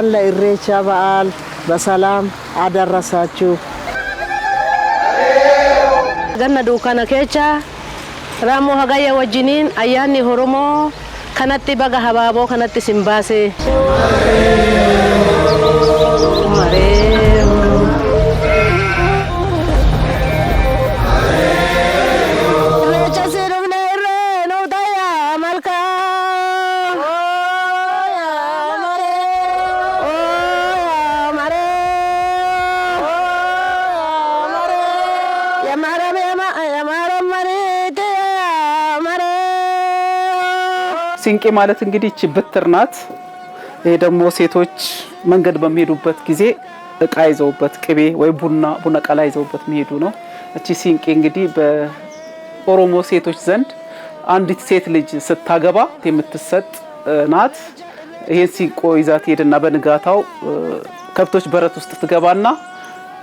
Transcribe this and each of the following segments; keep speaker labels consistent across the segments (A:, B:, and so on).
A: እንኳን ለኢሬቻ በዓል በሰላም አደረሳችሁ። ገነ ዱካነ ኬቻ ራሞ ሀጋየ ወጅኒን አያኒ ሆሮሞ ከነጢ በጋ ሀባቦ ከነጢ ሲምባሴ
B: ሌንቄ ማለት እንግዲህ እቺ ብትር ናት። ይሄ ደግሞ ሴቶች መንገድ በሚሄዱበት ጊዜ እቃ ይዘውበት ቅቤ ወይ ቡና ቡና ቃላ ይዘውበት የሚሄዱ ነው። እቺ ሲንቄ እንግዲህ በኦሮሞ ሴቶች ዘንድ አንዲት ሴት ልጅ ስታገባ የምትሰጥ ናት። ይሄን ሲንቆ ይዛት ትሄድና በንጋታው ከብቶች በረት ውስጥ ትገባና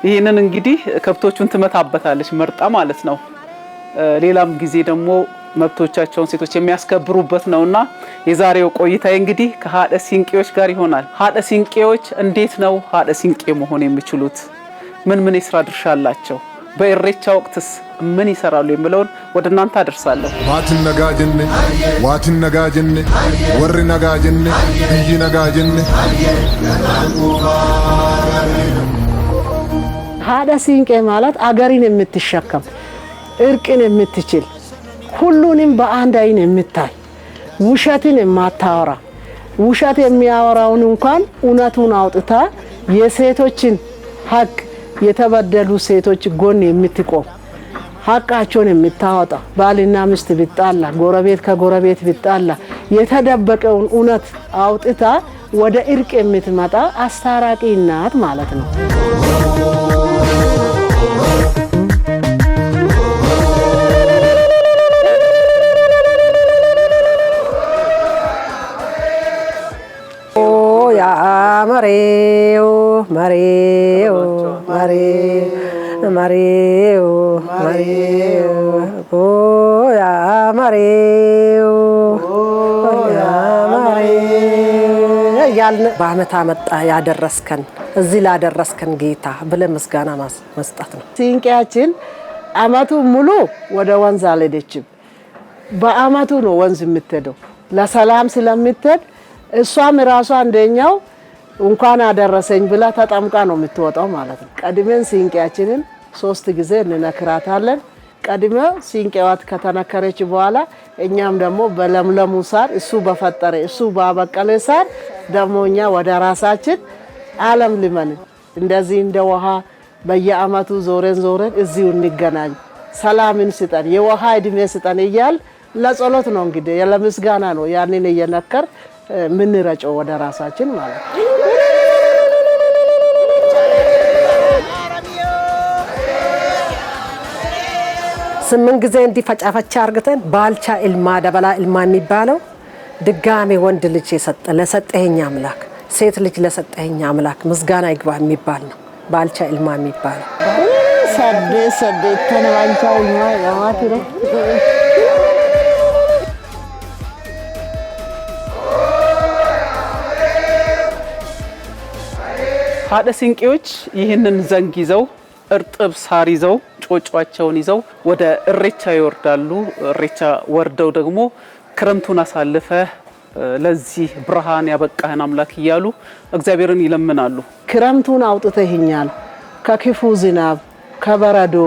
B: ይህንን እንግዲህ ከብቶቹን ትመታበታለች መርጣ ማለት ነው። ሌላም ጊዜ ደግሞ መብቶቻቸውን ሴቶች የሚያስከብሩበት ነውና የዛሬው ቆይታ እንግዲህ ከሀደ ሲንቄዎች ጋር ይሆናል። ሀደ ሲንቄዎች እንዴት ነው ሀደ ሲንቄ መሆን የሚችሉት? ምን ምን የስራ ድርሻ አላቸው? በኢሬቻ ወቅትስ ምን ይሰራሉ? የሚለውን ወደ እናንተ አደርሳለሁ። ባትን ነጋጅን ዋትን ነጋጅን ወር ነጋጅን ብይ ነጋጅን
A: ሀደ ሲንቄ ማለት አገሪን የምትሸከም እርቅን የምትችል ሁሉንም በአንድ አይን የምታይ ውሸትን የማታወራ ውሸት የሚያወራውን እንኳን እውነቱን አውጥታ የሴቶችን ሀቅ የተበደሉ ሴቶች ጎን የምትቆም ሀቃቸውን የምታወጣ ባልና ሚስት ቢጣላ፣ ጎረቤት ከጎረቤት ቢጣላ የተደበቀውን እውነት አውጥታ ወደ እርቅ የምትመጣ አስታራቂ እናት ማለት ነው። ያመሬው መሬው መሬው ያመሬው እያልን በዓመት አመጣ ያደረስከን እዚህ ላደረስከን ጌታ ብለን ምስጋና መስጠት ነው። ሲንቄያችን አመቱ ሙሉ ወደ ወንዝ አልሄደችም። በአመቱ ነው ወንዝ የምትሄደው ለሰላም ስለምትሄድ እሷም ራሷ አንደኛው እንኳን አደረሰኝ ብላ ተጠምቃ ነው የምትወጣው ማለት ነው። ቀድሜን ሲንቄያችንን ሶስት ጊዜ እንነክራታለን። ቀድመ ሲንቄዋት ከተነከረች በኋላ እኛም ደግሞ በለምለሙ ሳር እሱ በፈጠረ እሱ ባበቀለ ሳር ደግሞ እኛ ወደ ራሳችን አለም ልመን እንደዚህ እንደ ውሃ በየአመቱ ዞረን ዞረን እዚሁ እንገናኝ፣ ሰላምን ስጠን፣ የውሃ እድሜ ስጠን እያል ለጸሎት ነው እንግዲህ ለምስጋና ነው ያንን እየነከር የምንረጨው ወደ ራሳችን ማለት ነው። ስምንት ጊዜ እንዲፈጫፈቻ አርግተን ባልቻ ኢልማ ደበላ ኢልማ የሚባለው ድጋሜ ወንድ ልጅ የሰጠ ለሰጠኝ አምላክ ሴት ልጅ ለሰጠኝ አምላክ ምስጋና ይግባ የሚባል ነው። ባልቻ ኢልማ የሚባለው
B: ካደ ሲንቄዎች ይህንን ዘንግ ይዘው እርጥብ ሳር ይዘው ጮጯቸውን ይዘው ወደ እሬቻ ይወርዳሉ። እሬቻ ወርደው ደግሞ ክረምቱን አሳልፈ ለዚህ ብርሃን ያበቃህን አምላክ እያሉ እግዚአብሔርን ይለምናሉ።
A: ክረምቱን አውጥተህኛል ከክፉ ዝናብ፣ ከበረዶ፣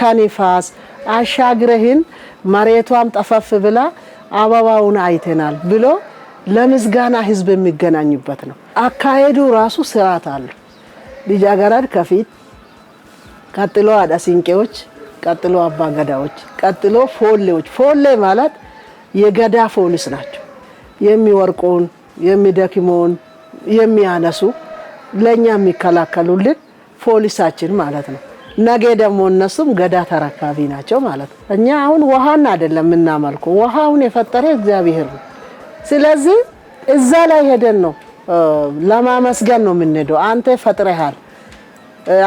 A: ከንፋስ አሻግረህን መሬቷም ጠፈፍ ብላ አበባውን አይተናል ብሎ ለምስጋና ህዝብ የሚገናኝበት ነው። አካሄዱ ራሱ ስርዓት አለው። ልጃገረድ ከፊት ቀጥሎ አዳሲንቄዎች ቀጥሎ አባ ገዳዎች፣ ቀጥሎ ፎሌዎች። ፎሌ ማለት የገዳ ፖሊስ ናቸው። የሚወርቁን የሚደክሞን የሚያነሱ ለእኛ የሚከላከሉልን ፖሊሳችን ማለት ነው። ነገ ደግሞ እነሱም ገዳ ተረካቢ ናቸው ማለት ነው። እኛ አሁን ውሃን አይደለም የምናመልኩ፣ ውሃውን የፈጠረ እግዚአብሔር ነው። ስለዚህ እዛ ላይ ሄደን ነው ለማመስገን ነው የምንሄደው። አንተ ፈጥረሃል፣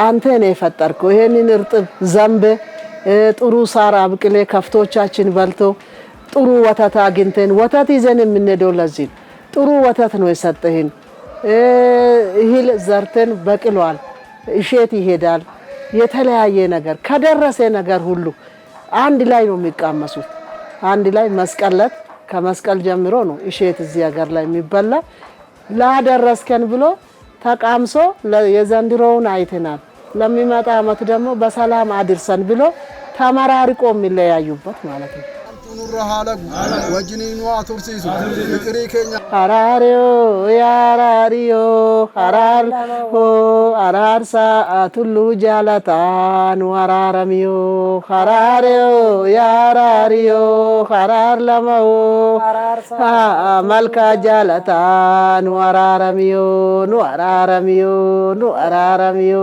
A: አንተ ነው የፈጠርከው። ይሄንን እርጥብ ዘንብ ጥሩ ሳር አብቅሌ ከፍቶቻችን በልቶ ጥሩ ወተት አግኝተን ወተት ይዘን የምንሄደው ለዚህ ጥሩ ወተት ነው የሰጠህን። እህል ዘርተን በቅሏል፣ እሸት ይሄዳል። የተለያየ ነገር ከደረሰ ነገር ሁሉ አንድ ላይ ነው የሚቃመሱት። አንድ ላይ መስቀለት ከመስቀል ጀምሮ ነው እሸት እዚህ ሀገር ላይ የሚበላ ላደረስከን ብሎ ተቃምሶ የዘንድሮውን አይተናል። ለሚመጣ አመት ደግሞ በሰላም አድርሰን ብሎ ተመራርቆ የሚለያዩበት ማለት ነው። ኑረሃለጉ ወጅኒኑ አቱርሲሱ ፍቅሪ ኬኛ አራሪዮ ያራሪዮ አራር ሆ አራርሳ አቱሉ ጃላታን ወራረሚዮ አራሪዮ ያራሪዮ አራር ለመው መልካ ጃላታን ወራረሚዮ ኑ አራረሚዮ ኑ አራረሚዮ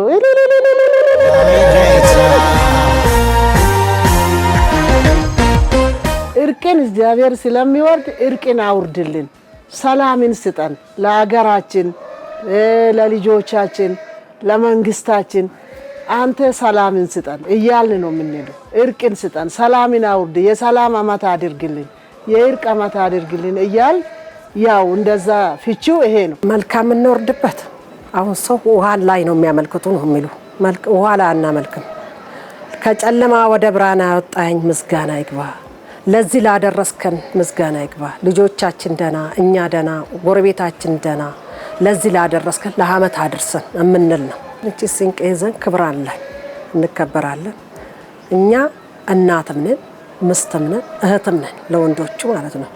A: እርቅን እግዚአብሔር ስለሚወርድ እርቅን አውርድልን፣ ሰላምን ስጠን። ለሀገራችን፣ ለልጆቻችን፣ ለመንግስታችን አንተ ሰላምን ስጠን እያልን ነው የምንሄደው። እርቅን ስጠን፣ ሰላምን አውርድ፣ የሰላም አመት አድርግልን፣ የእርቅ አመት አድርግልን እያል ያው እንደዛ ፍቺው ይሄ ነው። መልካም እንወርድበት። አሁን ሰው ውሃ ላይ ነው የሚያመልክቱ ነው የሚሉ ውሃ ላይ አናመልክም። ከጨለማ ወደ ብርሃን ያወጣኝ ምስጋና ይግባ ለዚህ ላደረስከን ምስጋና ይግባ። ልጆቻችን ደና፣ እኛ ደና፣ ጎረቤታችን ደና፣ ለዚህ ላደረስከን ለአመት አድርሰን የምንል ነው። እቺ ስንቄ ይዘን ክብር አለን፣ እንከበራለን። እኛ እናትም ነን፣ ምስትም ነን፣ እህትም ነን፣ ለወንዶቹ ማለት ነው።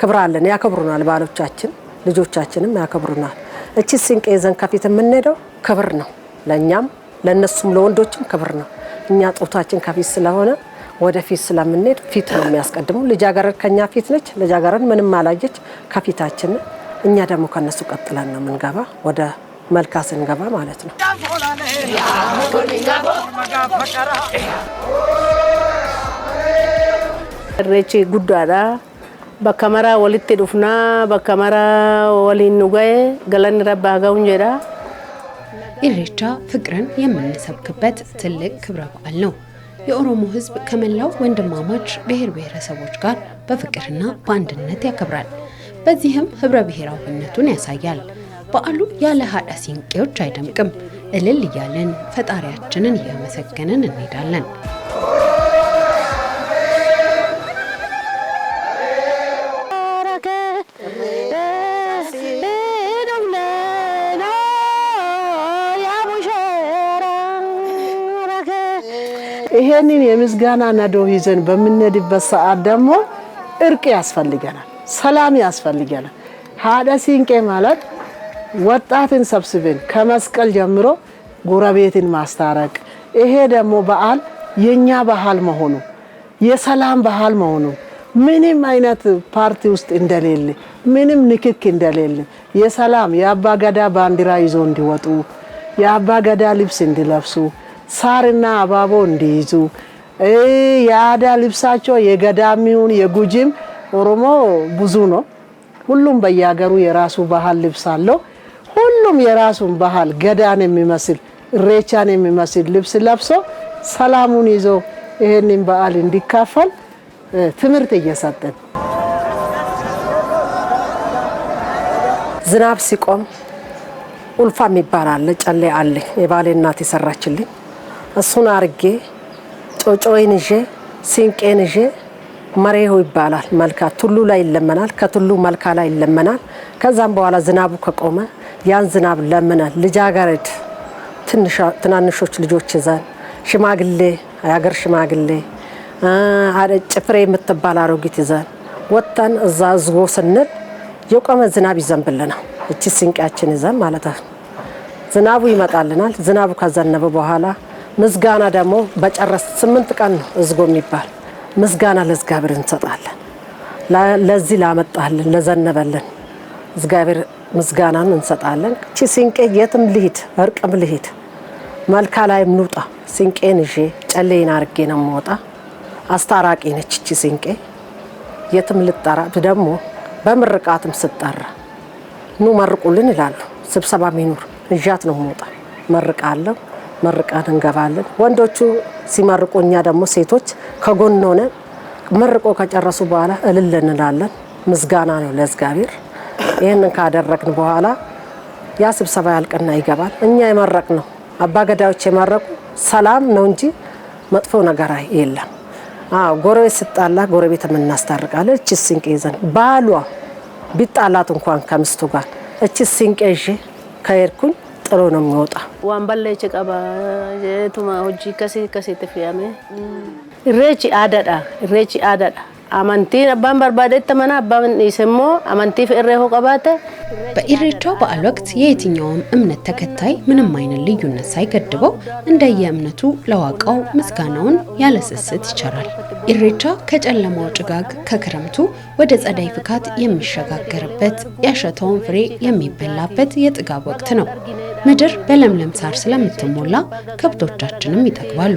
A: ክብር አለን፣ ያከብሩናል። ባሎቻችን ልጆቻችንም ያከብሩናል። እቺ ስንቄ ይዘን ከፊት የምንሄደው ክብር ነው፣ ለእኛም ለእነሱም ለወንዶችም ክብር ነው። እኛ ጦታችን ከፊት ስለሆነ ወደፊት ስለምንሄድ ፊት ነው የሚያስቀድመው። ልጃገረድ ከኛ ፊት ነች። ልጃገረድ ምንም አላየች ከፊታችን፣ እኛ ደግሞ ከነሱ ቀጥለን ነው የምንገባ ወደ መልካ ስንገባ ማለት ነው። ኢሬቺ ጉዳዳ በከመራ ወልቴ ዱፍና በከመራ ወሊን ኑጋዬ ገለን ረባ ገውን ጀዳ ኢሬቻ ፍቅርን የምንሰብክበት ትልቅ ክብረ በዓል ነው። የኦሮሞ ሕዝብ ከመላው ወንድማማች ብሔር ብሔረሰቦች ጋር በፍቅርና በአንድነት ያከብራል። በዚህም ህብረ ብሔራዊነቱን ያሳያል። በዓሉ ያለ ሀዳ ሲንቄዎች አይደምቅም። እልል እያለን ፈጣሪያችንን እያመሰገንን እንሄዳለን። ያንን የምስጋና ነዶ ይዘን በምንሄድበት ሰዓት ደግሞ እርቅ ያስፈልገናል፣ ሰላም ያስፈልገናል። ሀደ ሲንቄ ማለት ወጣትን ሰብስብን ከመስቀል ጀምሮ ጎረቤትን ማስታረቅ፣ ይሄ ደግሞ በዓል የእኛ ባህል መሆኑ የሰላም ባህል መሆኑ ምንም አይነት ፓርቲ ውስጥ እንደሌለ ምንም ንክክ እንደሌለ የሰላም የአባ ገዳ ባንዲራ ይዞ እንዲወጡ የአባ ገዳ ልብስ እንዲለብሱ ሳርና አባቦ እንዲይዙ የአዳ ልብሳቸው የገዳሚውን የጉጂም ኦሮሞ ብዙ ነው። ሁሉም በየሀገሩ የራሱ ባህል ልብስ አለው። ሁሉም የራሱን ባህል ገዳን የሚመስል እሬቻን የሚመስል ልብስ ለብሶ ሰላሙን ይዞ ይህንን በዓል እንዲካፈል ትምህርት እየሰጠን ዝናብ ሲቆም ኡልፋ የሚባል አለ። ጨሌ አለ። የባሌ እናት የሰራችልኝ እሱን አርጌ ጮጮይን ይዤ ሲንቄን ይዤ መሬሁ ይባላል መልካ ቱሉ ላይ ይለመናል። ከቱሉ መልካ ላይ ይለመናል። ከዛም በኋላ ዝናቡ ከቆመ ያን ዝናብ ለምነን ልጃገረድ ትናንሾች ልጆች ይዘን ሽማግሌ የሀገር ሽማግሌ ጭፍሬ የምትባል አሮጊት ይዘን ወጥተን እዛ ዝጎ ስንል የቆመ ዝናብ ይዘንብልናል። እቺ ሲንቄያችን ይዘን ማለት ነው። ዝናቡ ይመጣልናል። ዝናቡ ከዘነበ በኋላ ምስጋና ደግሞ በጨረስ ስምንት ቀን ነው እዝጎ የሚባል ምስጋና ለእግዚአብሔር እንሰጣለን። ለዚህ ላመጣልን ለዘነበልን እግዚአብሔር ምስጋናን እንሰጣለን። እቺ ሲንቄ የትም ልሂድ እርቅም ልሂድ መልካ ላይም ንውጣ ሲንቄን ይዤ ጨሌን አርጌ ነው የምወጣ። አስታራቂ ነች እቺ ሲንቄ የትም ልጠራ ደግሞ በምርቃትም ስጠራ ኑ መርቁልን ይላሉ። ስብሰባ ሚኖር እዣት ነው የምወጣ መርቃለሁ። መርቀን እንገባለን። ወንዶቹ ሲመርቁ፣ እኛ ደግሞ ሴቶች ከጎን ሆነ መርቆ ከጨረሱ በኋላ እልል እንላለን። ምስጋና ነው ለእግዚአብሔር። ይህንን ካደረግን በኋላ ያ ስብሰባ ያልቅና ይገባል። እኛ የመረቅ ነው አባ ገዳዮች የመረቁ ሰላም ነው እንጂ መጥፎ ነገር የለም። ጎረቤት ስጣላ ጎረቤት የምናስታርቃለን። እች ስንቄ ይዘን ባሏ ቢጣላት እንኳን ከምስቱ ጋር እቺ ስንቄ ይዤ ከሄድኩኝ ጥሎ ነው የሚወጣ። ዋንበለች ቀባ ቱማ ሆጂ ከሲ ከሲ ተፍያሜ እሬች አደዳ እሬች አደዳ አማንቲን አባን በርባደ ተመና አባን ይሰሞ ፍሬ ሆ ቀባተ በኢሬቻ በዓል ወቅት የየትኛውም እምነት ተከታይ ምንም አይነት ልዩነት ሳይገድበው እንደየእምነቱ ለዋቃው ምስጋናውን ያለ ስስት ይቸራል። ኢሬቻ ከጨለማው ጭጋግ ከክረምቱ ወደ ጸዳይ ፍካት የሚሸጋገርበት ያሸተውን ፍሬ የሚበላበት የጥጋብ ወቅት ነው። ምድር በለምለም ሳር ስለምትሞላ ከብቶቻችንም ይጠግባሉ።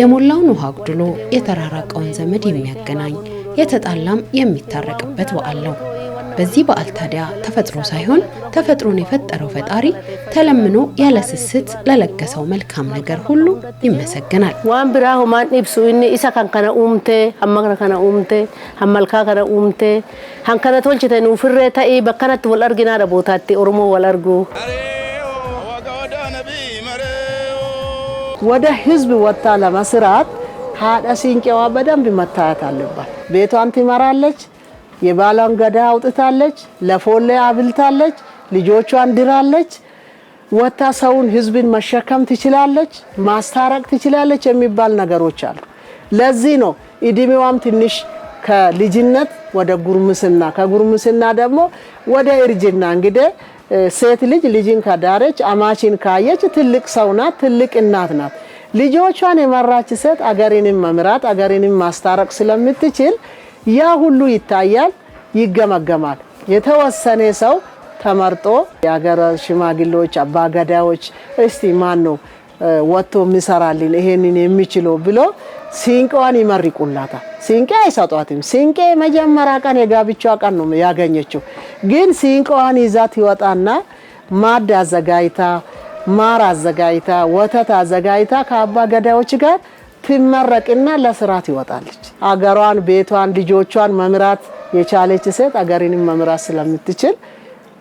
A: የሞላውን ውሃ አጉድሎ የተራራቀውን ዘመድ የሚያገናኝ የተጣላም የሚታረቅበት በዓል ነው። በዚህ በዓል ታዲያ ተፈጥሮ ሳይሆን ተፈጥሮን የፈጠረው ፈጣሪ ተለምኖ ያለ ስስት ለለገሰው መልካም ነገር ሁሉ ይመሰገናል። ዋን ብራ ሆማን ኢብሱ ኢኒ ኢሳ ከንከነ ኡምቴ ሀማከነ ከነ ኡምቴ ሀመልካ ከነ ኡምቴ ሀንከነ ቶልችተን ፍሬ ተኢ በከነት ወል አርጊና ቦታቲ ኦሮሞ ወል አርጉ ወደ ህዝብ ወጥታ ለመስራት ሀደ ሲንቄዋ በደንብ መታየት አለባት። ቤቷን ትመራለች፣ የባሏን ገዳ አውጥታለች፣ ለፎሌ አብልታለች፣ ልጆቿን ድራለች። ወታ ሰውን ህዝብን መሸከም ትችላለች፣ ማስታረቅ ትችላለች የሚባል ነገሮች አሉ። ለዚህ ነው እድሜዋም ትንሽ ከልጅነት ወደ ጉርምስና ከጉርምስና ደግሞ ወደ እርጅና እንግዲህ ሴት ልጅ ልጅን ከዳረች አማችን ካየች ትልቅ ሰው ናት፣ ትልቅ እናት ናት። ልጆቿን የመራች ሴት አገሬንም መምራት አገሬንም ማስታረቅ ስለምትችል ያ ሁሉ ይታያል፣ ይገመገማል። የተወሰነ ሰው ተመርጦ የሀገር ሽማግሌዎች፣ አባገዳዎች እስቲ ማን ነው ወጥቶ የሚሰራልን ይሄንን የሚችለው ብሎ ሲንቄዋን ይመርቁላታል። ሲንቄ አይሰጧትም። ሲንቄ መጀመሪያ ቀን የጋብቻ ቀን ነው ያገኘችው። ግን ሲንቄዋን ይዛት ይወጣና ማድ አዘጋጅታ፣ ማር አዘጋጅታ፣ ወተት አዘጋጅታ ከአባ ገዳዮች ጋር ትመረቅና ለስራት ይወጣለች። አገሯን፣ ቤቷን፣ ልጆቿን መምራት የቻለች ሴት አገሪንም መምራት ስለምትችል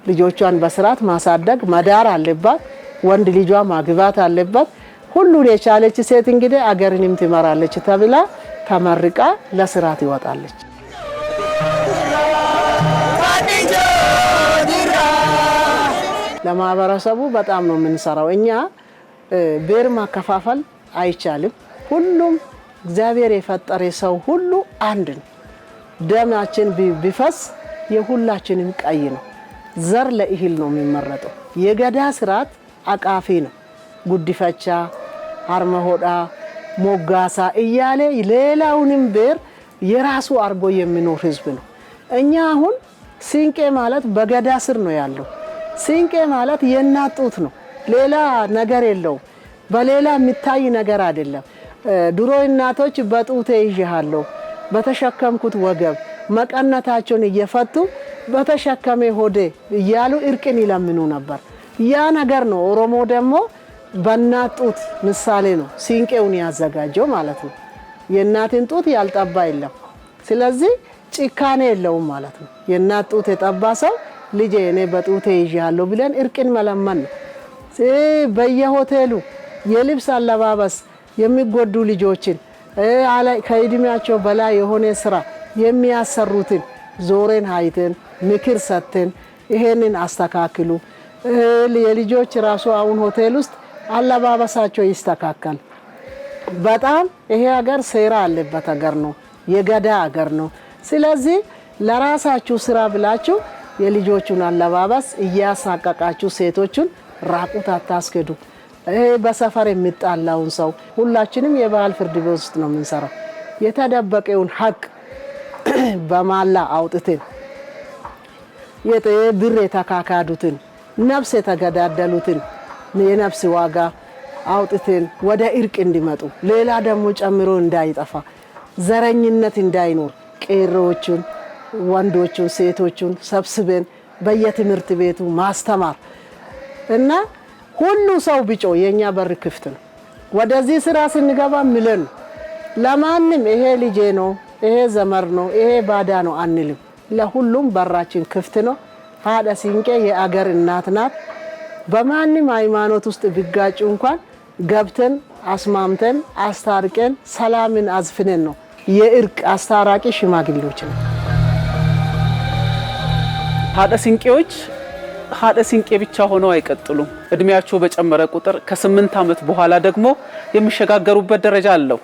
A: ልጆቿን በስርዓት ማሳደግ መዳር አለባት። ወንድ ልጇ ማግባት አለባት። ሁሉን የቻለች ሴት እንግዲህ አገርንም ትመራለች ተብላ ተመርቃ ለስራ ትወጣለች። ለማህበረሰቡ በጣም ነው የምንሰራው። እኛ ብሔር ማከፋፈል አይቻልም። ሁሉም እግዚአብሔር የፈጠረ ሰው ሁሉ አንድ ነው። ደማችን ቢፈስ የሁላችንም ቀይ ነው። ዘር ለእህል ነው የሚመረጠው የገዳ ስርዓት አቃፊ ነው። ጉድፈቻ፣ ሀርመሆዳ፣ ሞጋሳ እያለ ሌላውንም ብሔር የራሱ አድርጎ የሚኖር ህዝብ ነው። እኛ አሁን ሲንቄ ማለት በገዳ ስር ነው ያለው። ሲንቄ ማለት የእናት ጡት ነው። ሌላ ነገር የለውም። በሌላ የሚታይ ነገር አይደለም። ድሮ እናቶች በጡቴ ይዤሃለሁ በተሸከምኩት ወገብ መቀነታቸውን እየፈቱ በተሸከሜ ሆዴ እያሉ እርቅን ይለምኑ ነበር። ያ ነገር ነው። ኦሮሞ ደግሞ በእናት ጡት ምሳሌ ነው ሲንቄውን ያዘጋጀው ማለት ነው። የእናትን ጡት ያልጠባ የለም። ስለዚህ ጭካኔ የለውም ማለት ነው። የእናት ጡት የጠባ ሰው ልጄ እኔ በጡቴ ይዣለሁ ብለን እርቅን መለመን ነው። በየሆቴሉ የልብስ አለባበስ የሚጎዱ ልጆችን ከእድሜያቸው በላይ የሆነ ስራ የሚያሰሩትን ዞሬን አይተን ምክር ሰጥተን ይሄንን አስተካክሉ የልጆች ራሱ አሁን ሆቴል ውስጥ አለባበሳቸው ይስተካከል። በጣም ይሄ ሀገር ሴራ አለበት ሀገር ነው፣ የገዳ ሀገር ነው። ስለዚህ ለራሳችሁ ስራ ብላችሁ የልጆቹን አለባበስ እያሳቀቃችሁ ሴቶቹን ራቁት አታስገዱ። ይሄ በሰፈር የሚጣላውን ሰው ሁላችንም የባህል ፍርድ ቤት ውስጥ ነው የምንሰራው። የተደበቀውን ሀቅ በማላ አውጥትን ብር የተካካዱትን ነፍስ የተገዳደሉትን የነፍስ ዋጋ አውጥተን ወደ እርቅ እንዲመጡ ሌላ ደግሞ ጨምሮ እንዳይጠፋ ዘረኝነት እንዳይኖር ቄሮዎቹን፣ ወንዶቹን፣ ሴቶቹን ሰብስበን በየትምህርት ቤቱ ማስተማር እና ሁሉ ሰው ቢጮ የእኛ በር ክፍት ነው። ወደዚህ ስራ ስንገባ ምለን ለማንም ይሄ ልጄ ነው፣ ይሄ ዘመር ነው፣ ይሄ ባዳ ነው አንልም። ለሁሉም በራችን ክፍት ነው። ሀደ ሲንቄ የአገር እናት ናት። በማንም ሃይማኖት ውስጥ ቢጋጩ እንኳን ገብተን አስማምተን አስታርቀን ሰላምን አዝፍነን ነው የእርቅ አስታራቂ ሽማግሌዎች ነው።
B: ሀደ ሲንቄዎች ሀደ ሲንቄ ብቻ ሆነው አይቀጥሉም። እድሜያቸው በጨመረ ቁጥር ከስምንት ዓመት በኋላ ደግሞ የሚሸጋገሩበት ደረጃ አለው።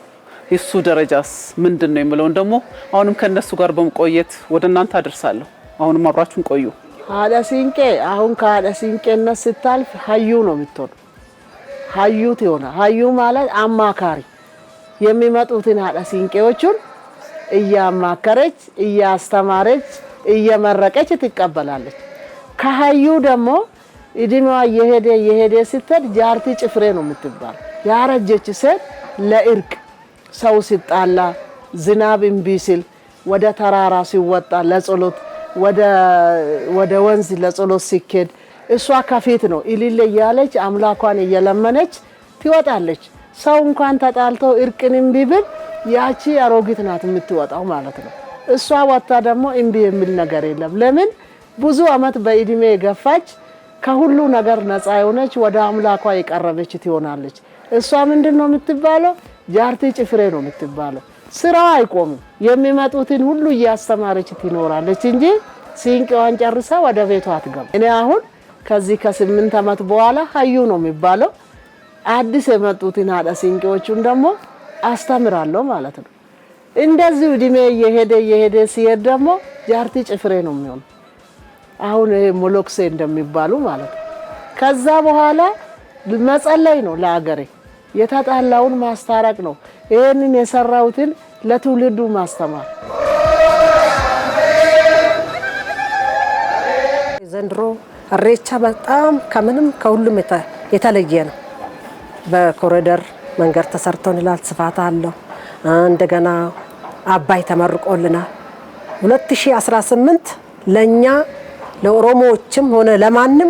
B: የሱ ደረጃስ ምንድን ነው የሚለውን ደግሞ አሁንም ከእነሱ ጋር በመቆየት ወደ እናንተ አደርሳለሁ። አሁንም አብራችሁን ቆዩ።
A: ሀዳ ሲንቄ አሁን ከሀዳ ሲንቄነት ስታልፍ ሀዩ ነው የምትሆነው። ሀዩ ትሆነ ሀዩ ማለት አማካሪ የሚመጡትን ሀዳ ሲንቄዎቹን እያማከረች እያስተማረች እየመረቀች ትቀበላለች። ከሀዩ ደግሞ እድሜዋ የሄደ የሄደ ስትሄድ ጃርቲ ጭፍሬ ነው የምትባል። ያረጀች ሴት ለእርቅ ሰው ሲጣላ ዝናብ እምቢ ሲል ወደ ተራራ ሲወጣ ለጸሎት ወደ ወንዝ ለጸሎት ሲኬድ እሷ ከፊት ነው እልል እያለች አምላኳን እየለመነች ትወጣለች። ሰው እንኳን ተጣልቶ እርቅን እምቢ ብል ያቺ አሮጊት ናት የምትወጣው ማለት ነው። እሷ ወጥታ ደግሞ እምቢ የሚል ነገር የለም። ለምን ብዙ ዓመት በእድሜ የገፋች ከሁሉ ነገር ነፃ የሆነች ወደ አምላኳ የቀረበች ትሆናለች። እሷ ምንድን ነው የምትባለው? ጃርቲ ጭፍሬ ነው የምትባለው። ስራው አይቆምም። የሚመጡትን ሁሉ እያስተማረች ትኖራለች እንጂ ሲንቄዋን ጨርሳ ወደ ቤቷ አትገባ። እኔ አሁን ከዚህ ከስምንት ዓመት በኋላ ሀዩ ነው የሚባለው አዲስ የመጡትን አዳ ሲንቄዎቹን ደግሞ አስተምራለሁ ማለት ነው። እንደዚህ እድሜ እየሄደ እየሄደ ሲሄድ ደግሞ ጃርቲ ጭፍሬ ነው የሚሆኑ አሁን ይሄ ሞሎክሴ እንደሚባሉ ማለት ነው። ከዛ በኋላ መጸለይ ነው ለአገሬ የተጣላውን ማስታረቅ ነው። ይህንን የሰራሁትን ለትውልዱ ማስተማር ዘንድሮ እሬቻ በጣም ከምንም ከሁሉም የተለየ ነው። በኮሪደር መንገድ ተሰርቶንላል ስፋት አለው። እንደገና አባይ ተመርቆልናል። 2018 ለእኛ ለኦሮሞዎችም ሆነ ለማንም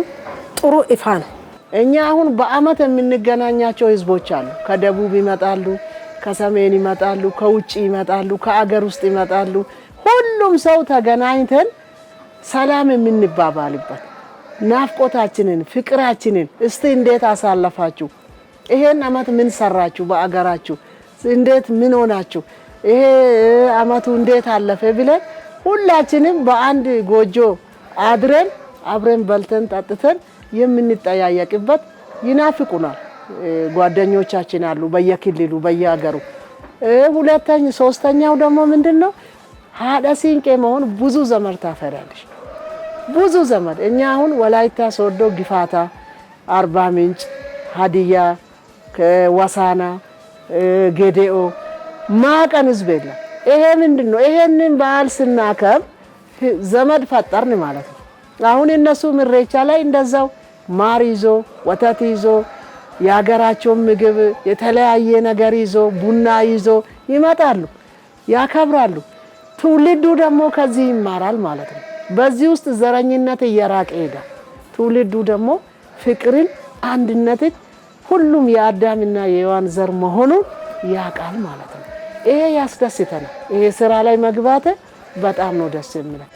A: ጥሩ ይፋ ነው። እኛ አሁን በአመት የምንገናኛቸው ህዝቦች አሉ። ከደቡብ ይመጣሉ ከሰሜን ይመጣሉ፣ ከውጭ ይመጣሉ፣ ከአገር ውስጥ ይመጣሉ። ሁሉም ሰው ተገናኝተን ሰላም የምንባባልበት ናፍቆታችንን፣ ፍቅራችንን እስቲ እንዴት አሳለፋችሁ? ይሄን አመት ምን ሰራችሁ? በአገራችሁ እንዴት ምን ሆናችሁ? ይሄ አመቱ እንዴት አለፈ ብለን ሁላችንም በአንድ ጎጆ አድረን አብረን በልተን ጠጥተን የምንጠያየቅበት ይናፍቁናል። ጓደኞቻችን አሉ በየክልሉ በየሀገሩ። ሁለተኛ ሶስተኛው ደግሞ ምንድን ነው ሀደ ሲንቄ መሆን ብዙ ዘመድ ታፈራለች። ብዙ ዘመድ እኛ አሁን ወላይታ ሶዶ፣ ግፋታ፣ አርባ ምንጭ፣ ሀዲያ፣ ወሳና፣ ጌዴኦ ማቀን ህዝብ የለም። ይሄ ምንድን ነው? ይሄንን በዓል ስናከብ ዘመድ ፈጠርን ማለት ነው። አሁን እነሱ ምሬቻ ላይ እንደዛው ማር ይዞ ወተት ይዞ የሀገራቸውን ምግብ የተለያየ ነገር ይዞ ቡና ይዞ ይመጣሉ፣ ያከብራሉ። ትውልዱ ደግሞ ከዚህ ይማራል ማለት ነው። በዚህ ውስጥ ዘረኝነት እየራቀ ይሄዳል። ትውልዱ ደግሞ ፍቅርን፣ አንድነትን ሁሉም የአዳምና የሔዋን ዘር መሆኑን ያውቃል ማለት ነው። ይሄ ያስደስተናል። ይሄ ስራ ላይ መግባት በጣም ነው ደስ የሚለን።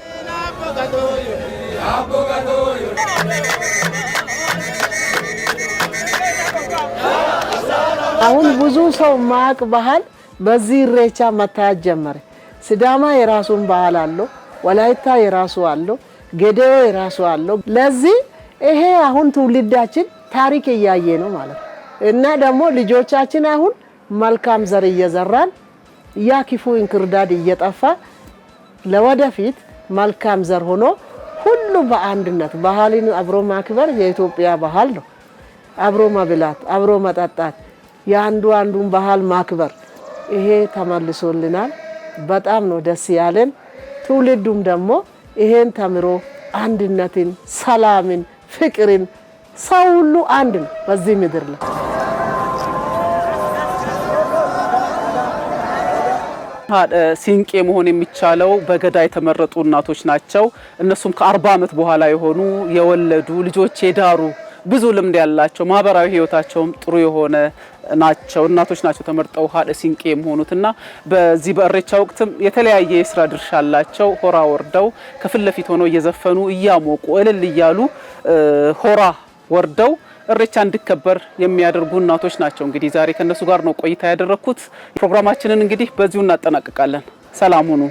A: አሁን ብዙ ሰው ማቅ ባህል በዚህ ኢሬቻ መታየት ጀመረ። ስዳማ የራሱን ባህል አለው፣ ወላይታ የራሱ አለው፣ ገዴዮ የራሱ አለው። ለዚህ ይሄ አሁን ትውልዳችን ታሪክ እያየ ነው ማለት እና ደግሞ ልጆቻችን አሁን መልካም ዘር እየዘራን ያ ክፉ እንክርዳድ እየጠፋ ለወደፊት መልካም ዘር ሆኖ ሁሉ በአንድነት ባህልን አብሮ ማክበር የኢትዮጵያ ባህል ነው። አብሮ መብላት፣ አብሮ መጠጣት የአንዱ አንዱን ባህል ማክበር ይሄ ተመልሶልናል። በጣም ነው ደስ ያለን። ትውልዱም ደግሞ ይሄን ተምሮ አንድነትን፣ ሰላምን፣ ፍቅርን ሰው ሁሉ አንድ ነው በዚህ ምድር ላይ
B: ሲንቄ መሆን የሚቻለው በገዳ የተመረጡ እናቶች ናቸው። እነሱም ከአርባ ዓመት በኋላ የሆኑ የወለዱ ልጆች የዳሩ ብዙ ልምድ ያላቸው ማህበራዊ ህይወታቸውም ጥሩ የሆነ ናቸው እናቶች ናቸው ተመርጠው ሀደ ሲንቄ እና በዚህ በእሬቻ ወቅትም የተለያየ የስራ ድርሻ አላቸው። ሆራ ወርደው ከፊት ለፊት ሆነው እየዘፈኑ እያሞቁ እልል እያሉ ሆራ ወርደው እሬቻ እንዲከበር የሚያደርጉ እናቶች ናቸው። እንግዲህ ዛሬ ከእነሱ ጋር ነው ቆይታ ያደረግኩት። ፕሮግራማችንን እንግዲህ በዚሁ እናጠናቅቃለን። ሰላም ሁኑ።